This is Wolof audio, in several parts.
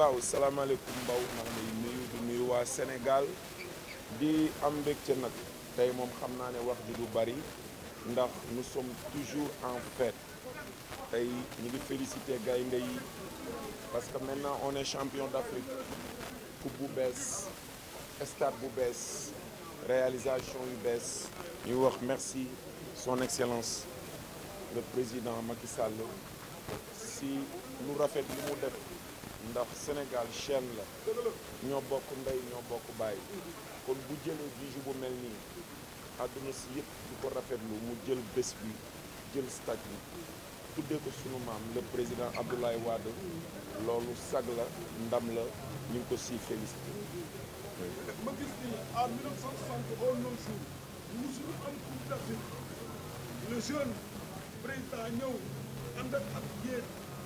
waaw salaamaaleykum Mbaw maa ngi lay nuyu waa Sénégal di am mbégte nag tey moom xam naa ne wax ji du bari ndax nous sommes toujours en fête tey ñu ngi félicité gaynde yi parce que maintenant on est champion d'Afrique coupe bu bees stade bu bees réalisation yu bees ñuy wax merci son excellence le président Macky Sall si lu rafet li mu def ndax Sénégal chaîne la ñoo bokk ndey ñoo bokk bàyyi kon bu jëlee bijou bu mel nii àdduna si yëpp di ko rafetlu mu jël bés bi jël statue bi tuddee ko sunu maam le président Abdoulaye Wade loolu sag la ndam la ñu ngi ko si félicité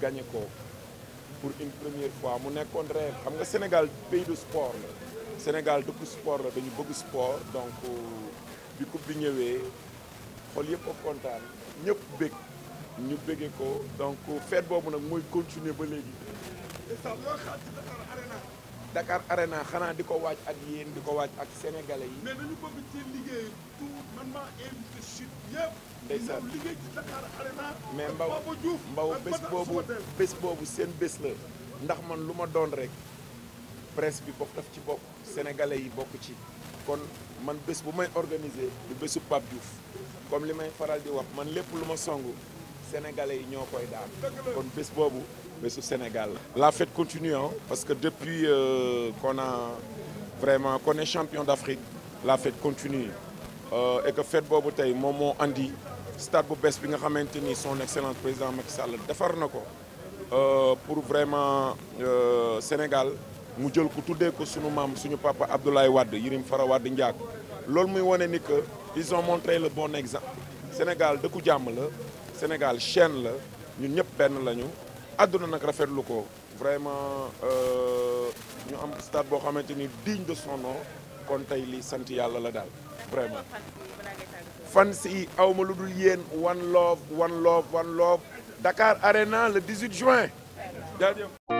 gagné ko pour une première fois mu nekkoon rêve xam nga Sénégal pays de sport la Sénégal dëkku sport la dañu bëgg sport donc euh, bi coupe bi ñëwee xool yëpp a kontaan ñëpp bég ñu béggee ko donc fête boobu nag mooy continuer ba léegi. Dakar Arena xanaa di ko waaj ak yéen di ko waaj ak sénégalais yi. mais dañu bëgg ci liggéey man maa invité liggéey ci Dakar Arena. mais mbaw mbaw bés boobu bés boobu seen bés la ndax man lu ma doon rek presse bi bokk daf ci bokk sénégalais yi bokk ci. kon man bés bu may organiser du bésu Pape Diouf comme li may faral di wax man lépp lu ma song. sénégalais yi ñoo koy daan kon bés boobu bésu Sénégal la. la fête continue parce que depuis euh, qu'on a vraiment qu'on est champion d'Afrique la fête continue euh, et que fête boobu tey moom moo indi stade bu bees bi nga xamante ni son excellence président Macky Sall defar na ko euh, pour vraiment euh, Sénégal mu jël ko tuddee ko suñu maam suñu papa Abdoulaye Wade Yirim Fara Wade Ndiack loolu muy wane ni que ils ont montré le bon exemple Sénégal dëkku jàmm la. Sénégal chaîne la ñun ñëpp benn lañu àdduna nag rafetlu ko vraiment euh, ñu am stade boo xamante ni digne de son kon tey lii sant yàlla la daal vraiment. fan si awma ma lu dul yéen one love one love one love Dakar Arena le juin jaajëf.